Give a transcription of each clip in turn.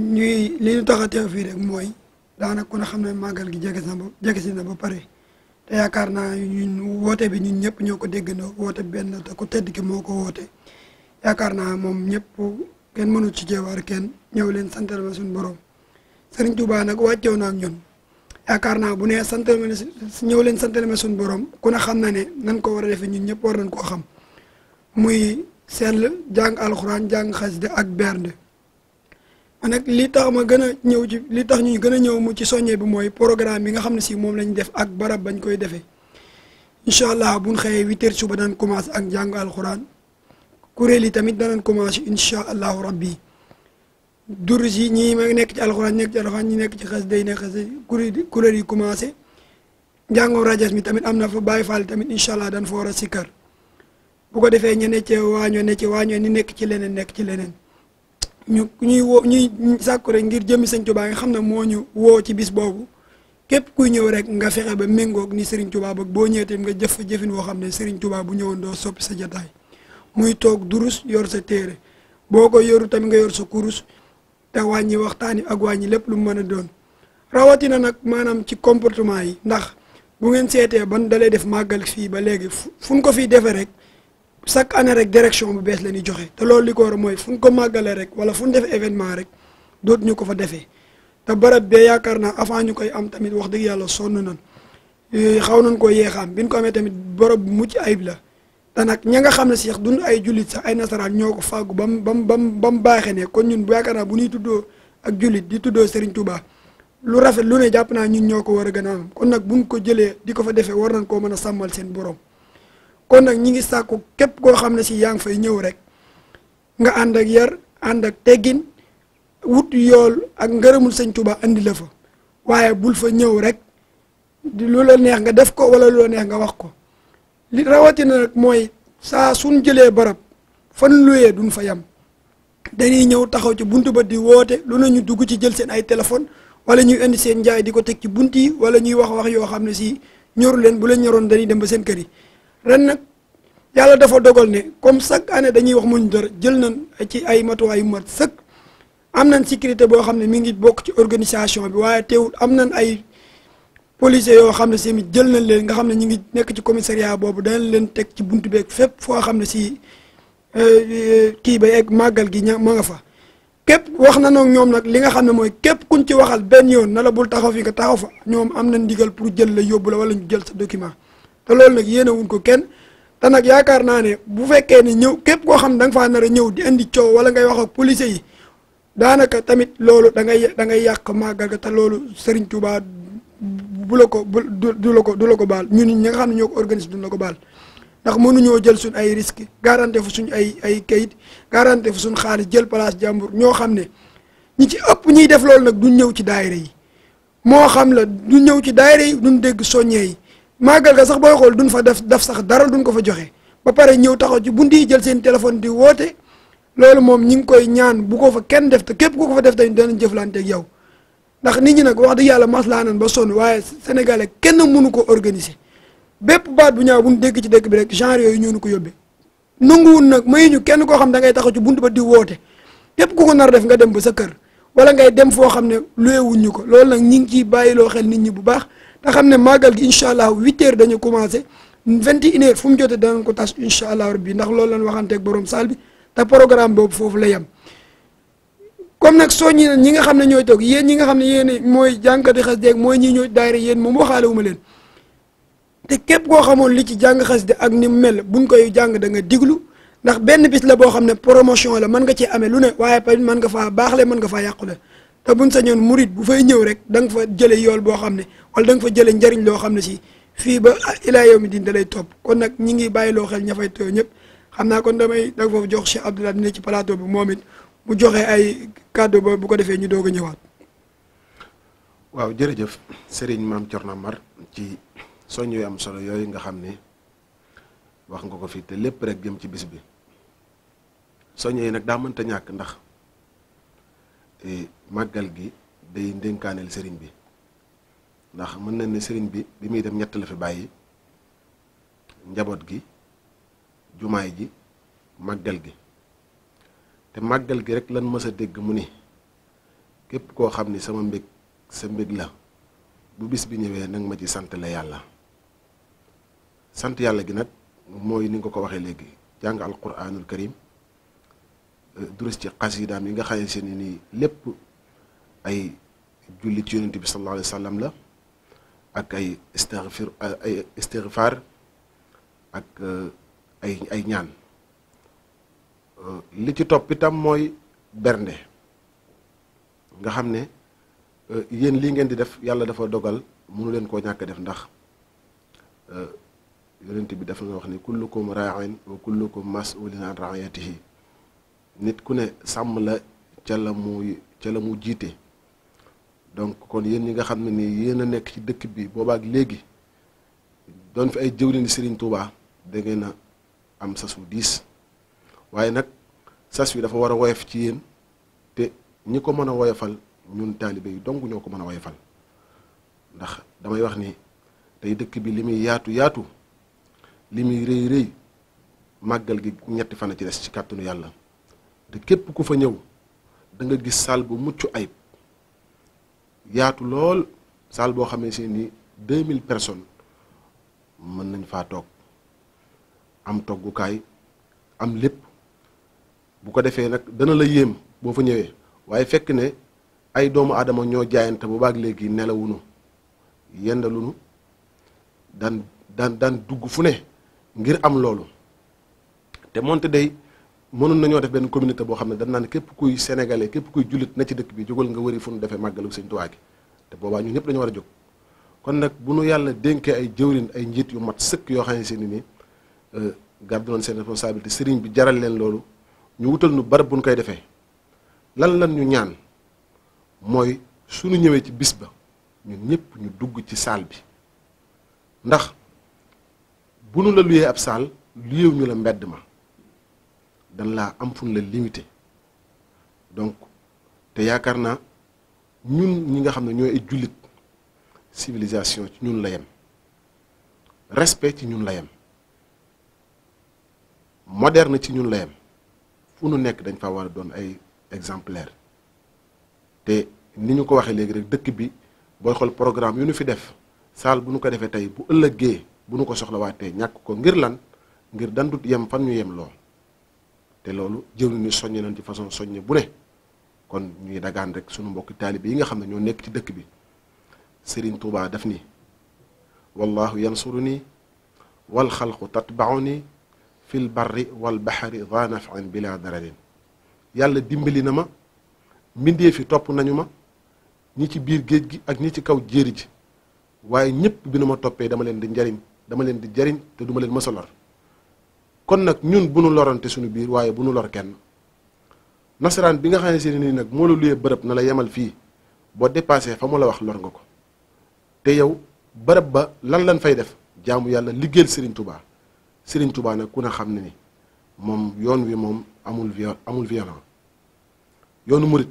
ñuy li ñu tax a teew fii rek mooy daanaka ku ne xam ne màggal gi jege si na ba jege si na ba pare te yaakaar naa ñun woote bi ñun ñëpp ñoo ko déggandoo woote benn te ku tedd ki moo ko woote yaakaar naa moom ñëpp kenn mënul ci jeewaar kenn ñëw leen santal ma suñu borom Serigne Touba nag wàcceew na ak ñun yaakaar naa bu nee santal ma ñëw leen santal suñu borom ku ne xam na ne nan ko war a defee ñun ñëpp war nañ koo xam muy sell jàng alxuraan jàng xasida ak bernde man nag li tax ma gën a ñëw ci li tax ñu gën a ñëw mu ci soñe bi mooy programme bi nga xam ne si moom lañ def ak barab bañ koy defee incha allah buñ xëyee huit heures suba daan commencé ak jàngu alxuraan kuréel yi tamit danañ commencé incha allahu rabbi durus yi ñii ma nekk ci alxuraan nekk ci alxuraan ñi nekk ci xas day nekk xas kuréel kuréel yi commencé njàngoom rajas mi tamit am na fa bàyyi faal tamit incha allah dañ foora war sikkar bu ko defee ñu ne ci waañoo ne ci waañoo ni nekk ci leneen nekk ci leneen ñu ñuy woo ñuy sàkku rek ngir jëmmi sëñ Tuubaa nga xam ne moo ñu woo ci bis boobu képp kuy ñëw rek nga fexe ba méngoog ni Serigne Touba ba boo ñëwee nga jëf jëfin woo xam ne Serigne bu ñëwoon doo soppi sa jataay muy toog durus yor sa téere boo ko yoru tamit nga yor sa kurus te wàññi waxtaani ak wàññi lépp lu mu mën a doon rawatina nag maanaam ci comportement yi ndax bu ngeen seetee ban dalee def màggal fii ba léegi fu ñu ko fiy defee rek chaque année rek direction bu bees la ñuy joxe te loolu li ko war mooy fu ñu ko màggalee rek wala fu ñu defee événement rek dootu ñu ko fa defee te barab bee yaakaar naa avant ñu koy am tamit wax dëgg yàlla sonn nañ eh, xaw nañ ko yeexaam bi ko amee tamit barab bu ayib la te ña nga xam ne si dund ay jullit sax ay nasaraan ñoo ko fàggu ba mu ba mu ba mu baaxee kon ñun bu yaakaar naa bu ñuy tuddoo ak jullit di tuddoo Serigne Touba lu rafet lu ne naa ñun ñoo ko war a gën kon nag buñ ko jëlee di ko fa defee war nañ koo mën a sàmmal seen borom. kon nag ñi ngi sàkku képp koo xam ne si yaa ngi fay ñëw rek nga ànd ak yar ànd ak teggin wut yool ak ngërëmul sëñ Tuuba indi la fa waaye bul fa ñëw rek di lu la neex nga def ko wala lu la neex nga wax ko li rawatina nag mooy saa suñ jëlee barab fan luyee duñ fa yem dañuy ñëw taxaw ci buntu ba di woote lu na ñu dugg ci jël seen ay téléphone wala ñuy indi seen njaay di ko teg ci bunt yi wala ñuy wax wax yoo xam ne si ñoru leen bu leen ñoroon dañuy dem ba seen kër yi ren nag yàlla dafa dogal ne comme chaque année dañuy wax muñ dara jël nañ ci ay matuwaay yu mat sëkk am nañ sécurité boo xam ne mi ngi bokk ci organisation bi waaye teewul am nañ ay policiers yoo xam ne si jël nañ leen nga xam ne ñu ngi nekk ci commissariat boobu danañ leen teg ci buntu beeg fépp foo xam ne si euh, kii ba egg màggal gi ña ma nga fa. képp wax na noog ñoom nag li nga xam ne mooy képp kuñ ci waxal benn yoon na la bul taxaw fi nga taxaw fa ñoom am na ndigal pour jël la yóbbu la wala ñu jël sa document te loolu nag yéene wuñ ko kenn. te nag yaakaar naa ne bu fekkee ne ñëw képp koo xam ne nga faa nar a ñëw di indi coow wala ngay wax ak police yi daanaka tamit loolu da ngay da ngay yàq màggal ga te loolu Serigne Touba bu la du la ko du la ko baal ñun ñi xam ne ñoo ko organisé du la ko baal ndax mënuñoo jël suñ ay risque garanté fu suñ ay ay kayit garanté fu suñ xaalis jël place jàmbur ñoo xam ne ñi ci ëpp ñiy def loolu nag duñ ñëw ci daayira yi moo xam la duñ ñëw ci daayira yi duñ dégg soññee yi màggal ga sax booy xool duñ fa def def sax dara duñ ko fa joxe ba pare ñëw taxaw ci bunt yi jël seen téléphone di woote loolu moom ñi ngi koy ñaan bu ko fa kenn def te képp ku ko def tamit danañ jëflante yow ndax nit ñi nag wax dëgg yàlla maslaa nañ ba sonn waaye sénégalais kenn mënu ko bépp baat bu ñaaw bu ñu dégg ci dëkk bi rek genre yooyu ñoo ñu ko yóbbee nanguwul nag mayuñu kenn koo xam da ngay taxaw ci bunt ba di woote képp ku ko nar def nga dem ba sa kër wala ngay dem foo xam ne luyeewuñ ñu ko loolu nag ñi ngi ciy bàyyiloo xel nit ñi bu baax te xam ne màggal gi incha allah huit heures dañu commencé vingt et une fu mu jotee danañ ko tas incha allah rabbi ndax loolu lañ waxanteeg borom saal bi te programme boobu foofu la yem. comme nag soññi na ñi nga xam ne ñooy toog yéen ñi nga xam ne yéen mooy jànkati xas deeg mooy ñi ñooy daayira yéen moom waxaale wu ma leen te képp koo xamoon li ci jàng xas de ak ni mu mel buñ koy jàng da nga diglu ndax benn bis la boo xam ne promotion la mën nga ci amee lu ne waaye pa mën nga faa baaxle mën nga faa yàqule te buñ sañoon murit bu fay ñëw rek da nga fa yool boo xam ne wala da nga fa jëlee njariñ loo xam ne si fii ba ilaa yow mi din lay topp kon nag ñi ngi bàyyi loo xel ña fay tooy ñëpp xam naa kon damay dag foofu jox Cheikh Abdoulaye dina ci plateau bi moom it mu joxe ay kàddu bu ko defee ñu doog a ñëwaat. waaw jërëjëf Serigne Mame Thierno Mar ci soññ yu am solo yooyu nga xam ne wax nga ko fii te lépp rek jëm ci bis bi soññ yi nag daa mënta ñàkk ndax eh, màggal gi day ndénkaaneel Serigne bi. ndax mën nañ ne sëriñ bi bi muy dem ñett la fi bàyyi njaboot gi jumaay ji màggal gi te màggal gi rek lan mës dégg mu ni képp koo xam ni sama mbég sa mbég la bu bis bi ñëwee nag ma ci sant la yàlla sant yàlla gi nag mooy ni nga ko waxee léegi jàng alquraanul karim euh, durus ci xasidaam yi nga xam ne nii lépp ay julli ci yonent bi sallallahu alayhi la ak ay istixfar ay ak eh, ay ay ñaan eh, li ci topp itam mooy bernde nga xam ne eh, yéen lii ngeen di def yàlla dafa dogal mënu leen koo ñàkk def ndax yonent bi dafa nga wax ni kullukum ra'in wa kullukum mas'ulun an ra'iyatihi nit ku ne sàmm la ca la ca la mu jiite donc kon yéen yi nga xam ne nii yéen a nekk ci dëkk bi boobaak léegi don fi ay jëwriñ Serigne Touba da na a am sasu diis waaye nag sas wi dafa war a woyof ci yéen te ñi ko mën a woyofal ñun taalibe yi dong ñoo ko mën a woyofal ndax damay wax ni tey dëkk bi li muy yaatu yaatu li muy rëy rëy màggal gi ñetti fan a ci des ci kàttanu yàlla te képp ku fa ñëw danga gis saal bu mucc ayib. yaatu lool salle boo xamee si ni deux mille personnes mën nañ faa toog am toggukaay am lépp bu ko defee nag dana la yéem boo fa ñëwee waaye fekk ne ay doomu aadama ñoo jaayante bu baag léegi nelawunu yendalunu daan daan daan dugg fu ne ngir am loolu te moonte day mënoon nañoo def benn communauté boo xam ne dañ naan képp kuy sénégalais képp kuy jullit na ci dëkk bi jógal nga wëri fu nu defee màggalu sëñ Tuubaa gi te boobaa ñun ñëpp dañoo war a jóg kon nag bu nu yàlla dénkee ay jëwrin ay njiit yu mat sëkk yoo xam ne seeni nii euh, gàddu nañ seen responsabilité sëriñ bi jaral leen loolu ñu wutal nu barab bu nu koy defee lan lan ñu ñaan mooy suñu ñëwee ci bis ba ñun ñëpp ñu dugg ci saal bi ndax bu nu la luye ab saal luyew ñu la mbedd ma dan laa am fu ñu la limité donc te yaakaar naa ñun ñi nga xam ne ñooy ay jullit civilisation ci ñun la yem respect ci ñun la yem moderne ci ñun la yem fu nu nekk dañ fa war a doon ay exemplaire te ni ñu ko waxee léegi rek dëkk bi booy xool programme yu nu fi def saal bu nu ko defee tey bu ëllëgee bu nu ko soxlawaatee ñàkk ko ngir lan ngir dandut yem fan ñu yem lool te loolu jëwlu ni soññ nañ ci façon soññ bu ne kon ñuy dagaan rek sunu mbokki taalibe yi nga xam ne ñoo nekk ci dëkk bi sëriñ Touba daf ni wallahu ni wal xalqu tatbauni fil barri wal baxari dha nafin bila dararin yàlla dimbali na ma mbindee fi topp nañu ma ñi ci biir géej gi ak ñi ci kaw jéeri ji waaye ñëpp bi nu ma toppee dama leen di njariñ dama leen di jariñ te duma leen mësa lor kon nag ñun bu nu lorante suñu biir waaye bu nu lor kenn nasaraan bi nga xam ne si nii nag moo la luyee bërëb na la yemal fii boo dépassé fa mu la wax lor nga ko te yow bërëb ba lan lan fay def jaamu yàlla liggéeyal Serigne Touba sëriñ Touba nag ku ne xam ne ni moom yoon wi moom amul viol amul violent yoonu murit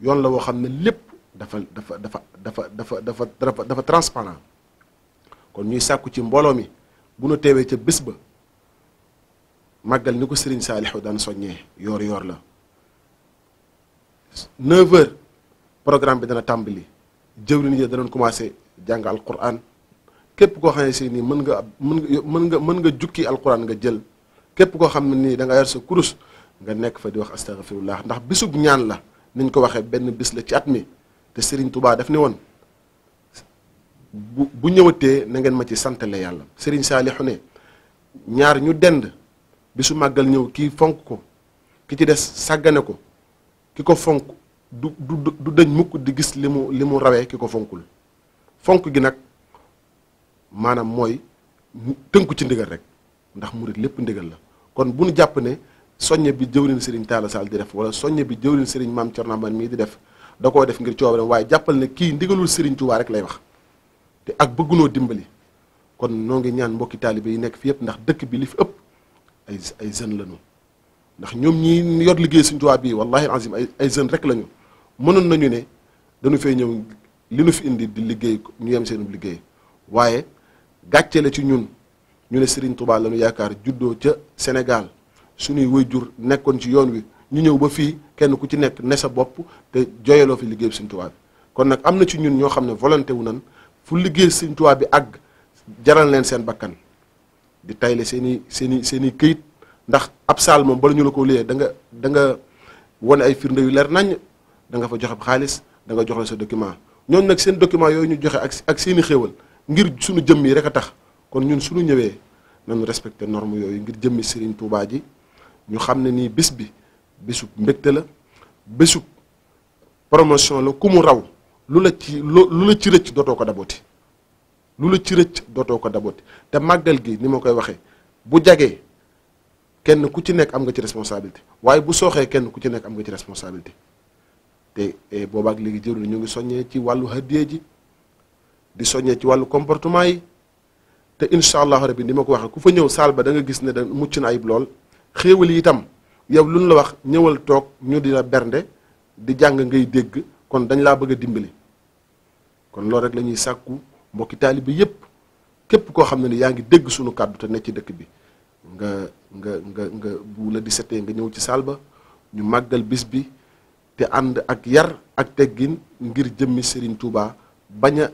yoon la woo xam ne lépp dafa dafa dafa dafa dafa dafa dafa dafa transparent kon ñuy sàkku ci mbooloo mi bu nu teewee ca bés ba. màggal ni ko Serigne Saliou daan soññee yoor yoor la 9h programme bi dana tàmbali jëw jëwriñ yi danañ commencé jàng alquran képp koo xam ne si nii mën nga mën nga mën nga mën nga jukki nga jël képp koo xam ne nii da nga sa kurus nga nekk fa di wax astaghfirullah ndax bisub ñaan la niñ ko waxee benn bis la ci at mi te sëriñ tubaa def ne woon bu bu ñëwatee na ngeen ma ci santale yàlla Serigne Saliou ne ñaar ñu dend. bi su màggal ñëw kii fonk ko ki ci des sàggane ko ki ko fonk du du du dëñ mukk di gis li mu li mu rawee ki ko fonkul fonk gi nag maanaam mooy tënku ci ndigal rek ndax mu murit lépp ndigal la kon bu nu jàpp ne soññe bi jëwriñ Serigne Talla Sall di def wala soññe bi jëwriñ Serigne Maam Thierno Hamane mii di def da koo def ngir coobareem waaye jàppal ne kii ndigalul sëriñ Touba rek lay wax te ak bëggunoo dimbali kon noo ngi ñaan mbokki taalibe yi nekk fi yëpp ndax bi li fi ëpp ay ay jeunes lañu ndax ñoom ñi yor liggéey suñu tubaab bii wallahi azim ay ay jeunes rek lañu mënoon nañu ne dañu fay ñëw li nu fi indi di liggéey ñu yem seen liggéey waaye gàcce la ci ñun ñu ne Serigne Touba lañu yaakaar juddoo ca Sénégal suñuy jur nekkoon ci yoon wi ñu ñëw ba fii kenn ku ci nekk ne sa bopp te joyaloo fi liggéey Serigne Touba kon nag am na ci ñun ñoo xam ne volonté wu nan fu liggéey Serigne Touba bi àgg jaral leen seen bakkan di tayle seen i seen i seen i këyit ndax ab saal moom bala ñu la ko liyee da nga da nga wane ay firnde yu leer naññ da nga fa joxe xaalis da nga joxe sa document ñoon nag seen document yooyu ñu joxe ak ak seen i xéewal ngir suñu jëmm yi rek a tax kon ñun suñu ñëwee nañu respecté norme yooyu ngir jëmmi Serigne Touba ji ñu xam ne nii bés bi bésub mbégte la bésu promotion la ku mu raw lu la ci lu la ci rëcc dootoo ko dabooti lu la ci rëcc dootoo ko dabooti te màggal gi ni ma koy waxee bu jagee kenn ku ci nekk am nga ci responsabilité waaye bu sooxee kenn ku ci nekk am nga ci responsabilité te eh, ak léegi jëru ñu ngi soññee ci wàllu hadiya ji di soññee ci wàllu comportement yi te incha allahu rabbi ni ma ko waxee ku fa ñëw saal ba danga gis ne da mucc na ayib lool xéewal yi itam yow lu ñu la wax ñëwal toog ñu di la bernde di jàng ngay dégg kon dañ laa bëgg a dimbali kon loolu rek la mbokki taalibe yépp képp koo xam ne ni yaa ngi dégg suñu kàddu te ne ci dëkk bi nga nga nga nga bu la di setee nga ñëw ci saal ba ñu màggal bis bi te ànd ak yar ak teggin ngir jëmmi Serigne Touba bañ a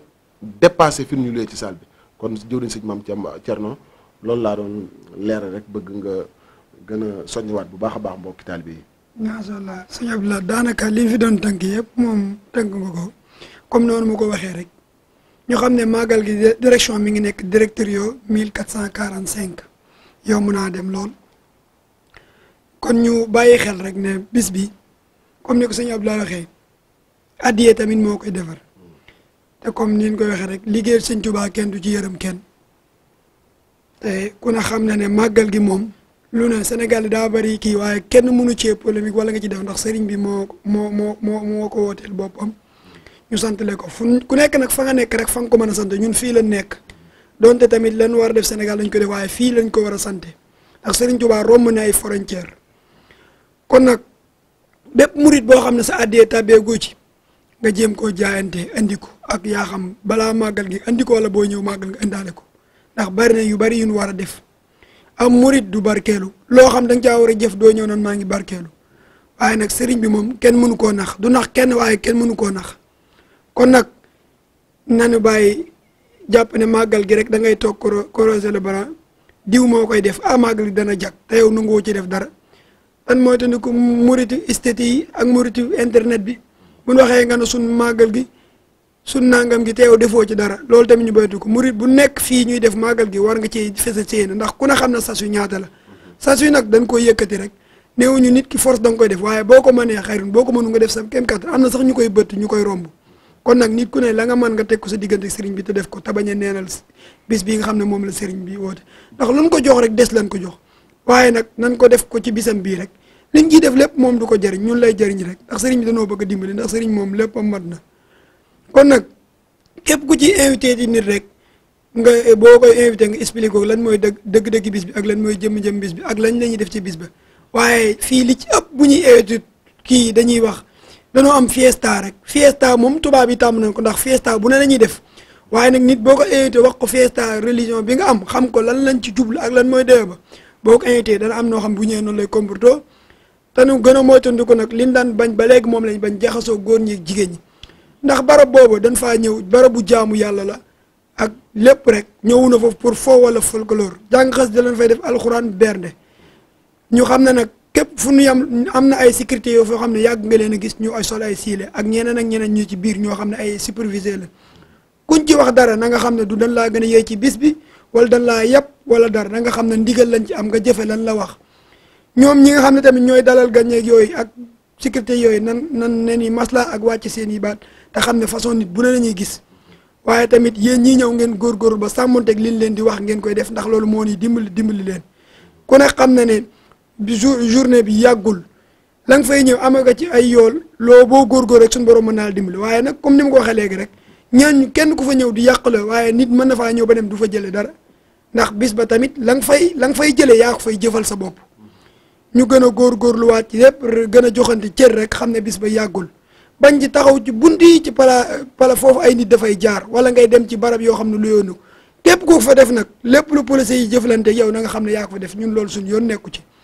dépassé fi ñu luwee ci saal bi kon jëwriñ sëñ maam cerno loolu laa doon leeral rek bëgg nga gën a soññiwaat bu baax a baax mbokki taalibe yi. macha allah sëñ Abdoulaye daanaka li fi doon tënk yëpp moom tënk nga ko comme noonu ma ko waxee rek. ñu xam ne màggal gi direction mi ngi nekk mille directorio 1445 yomb naa dem lool kon ñu bàyyi xel rek ne bis bi comme ni ko sëñ Abdoulaye waxee addiyee tamit moo koy defar te comme ni ñu koy waxee rek liggéey sëñ Tuubaa kenn du ci yërëm kenn te ku ne xam na ne màggal gi moom lu ne Sénégal daa bari kii waaye kenn mënu cee polémique wala nga ci def ndax sëriñ bi moo moo moo moo moo ko wooteel boppam ñu santale ko fu ku nekk nag fa nga nekk rek fa nga ko mën a sant ñun fii lañ nekk donte tamit lan war a def Sénégal dañ ko def waaye fii lañ ko war a sante ak Serigne Touba romb ne ay frontière kon nag dépp murit boo xam ne sa addee tabbeegu ci nga jéem koo jaayante andi ko ak yaa xam balaa màggal gi andi ko wala boo ñëw màggal nga indaale ko ndax bari na yu bari yu ñu war a def am murit du barkeelu loo xam da nga caa war a jëf doo ñëw nan maa ngi barkeelu waaye nag Serigne bi moom kenn mënu koo nax du nax kenn waaye kenn mënu koo nax. kon nag nanu bàyyi jàpp ne màggal gi rek da ngay toog croiser le bras diw moo koy def ah màggal gi dana jag te yow nanguwoo ci def dara tan mooy te ni ko muritu esthétique yi ak muritu internet bi bu waxee nga ne sun màggal gi sun nangam gi te yow defoo ci dara loolu tamit ñu baytu murit bu nekk fii ñuy def màggal gi war nga ci fesa séyéene ndax ku ne xam ne sas yu ñaata la sas yu nag dañ koy yëkkati rek néewuñu nit ki force da nga koy def waaye boo ko mënee xayrun boo ko mënu nga def sa kéem kattan am na sax ñu koy bëtt ñu koy romb kon nag nit ku ne la nga mën nga teg ko sa diggante sëriñ bi te def ko te neenal bis bi nga xam ne moom la sëriñ bi woote ndax luñ ko jox rek des lañ ko jox waaye nag nan ko def ko ci bisam bii rek liñ ciy def lépp moom du ko jëriñ ñun lay jëriñ rek sëriñ dañoo bëgg a dimbali moom lépp am na kon nag képp ku ci invité di nit rek nga boo koy invité nga expliqué ko lan mooy dëgg dëgg-dëgg bis bi ak lan mooy jëm-jëm bis bi ak lañ la ñuy def ci bis ba waaye fii li ci ëpp bu ñuy invité kii dañuy wax danoo am fiesta rek fiesta moom tubaab yi tàmm nañ ko ndax fiesta bu ne la ñuy def waaye nag nit boo ko invité wax ko fiesta religion bi nga am xam ko lan lañ ci jublu ak lan mooy dee ba boo ko invité dana am noo xam bu ñëwee noonu lay comporter te nu gën a moytandiku nag liñ daan bañ ba léegi moom lañ bañ jaxasoo góor ñi ak ñi ndax barab boobu dañ faa ñëw barabu jaamu yàlla la ak lépp rek ñëwu na foofu pour foo wala folklore jàng xas da leen fay def alxuraan bernde ñu xam ne nag képp fu ñu yam am na ay sécurité yoo foo xam ne yàgg nga leen a gis ñu ay sol ay siile ak ñeneen ak ñeneen ñu ci biir ñoo xam ne ay superviseur la kuñ ci wax dara nanga xam ne du dañ laa gën a ci bis bi wala dañ laa yàpp wala dara na xam ne ndigal lañ ci am nga jëfe lan la wax ñoom ñi nga xam ne tamit ñooy dalal gànneeg yooyu ak sécurité yooyu nan nan ne ni masla ak wàcc seen i baat te xam ne façon nit bu ne la ñuy gis waaye tamit yéen ñii ñëw ngeen góorgóorlu ba sàmmonteeg liñ leen di wax ngeen koy def ndax loolu moo ni dimbali dimbali leen ku ne xam na ne bi jour journée bi yàggul la nga fay ñëw am nga ci ay yool loo boo góor góor rek suñu borom mën naa la dimbali waaye nag comme ni ma ko waxee léegi rek ñaan kenn ku fa ñëw di yàq waaye nit mën na faa ñëw ba dem du fa jëlee dara ndax bis ba tamit la nga fay la nga fay jëlee yaa ko fay jëfal sa bopp ñu gën a góor góorgóorluwaat ci lépp gën a joxante cër rek xam ne bis ba yàggul bañ ci taxaw ci bunt yi ci pala pala foofu ay nit dafay jaar wala ngay dem ci barab yoo xam ne lu yoonu képp koo fa def nag lépp lu police yi jëflante yow na nga xam ne yaa ko fa def ñun loolu suñu yoon nekku ci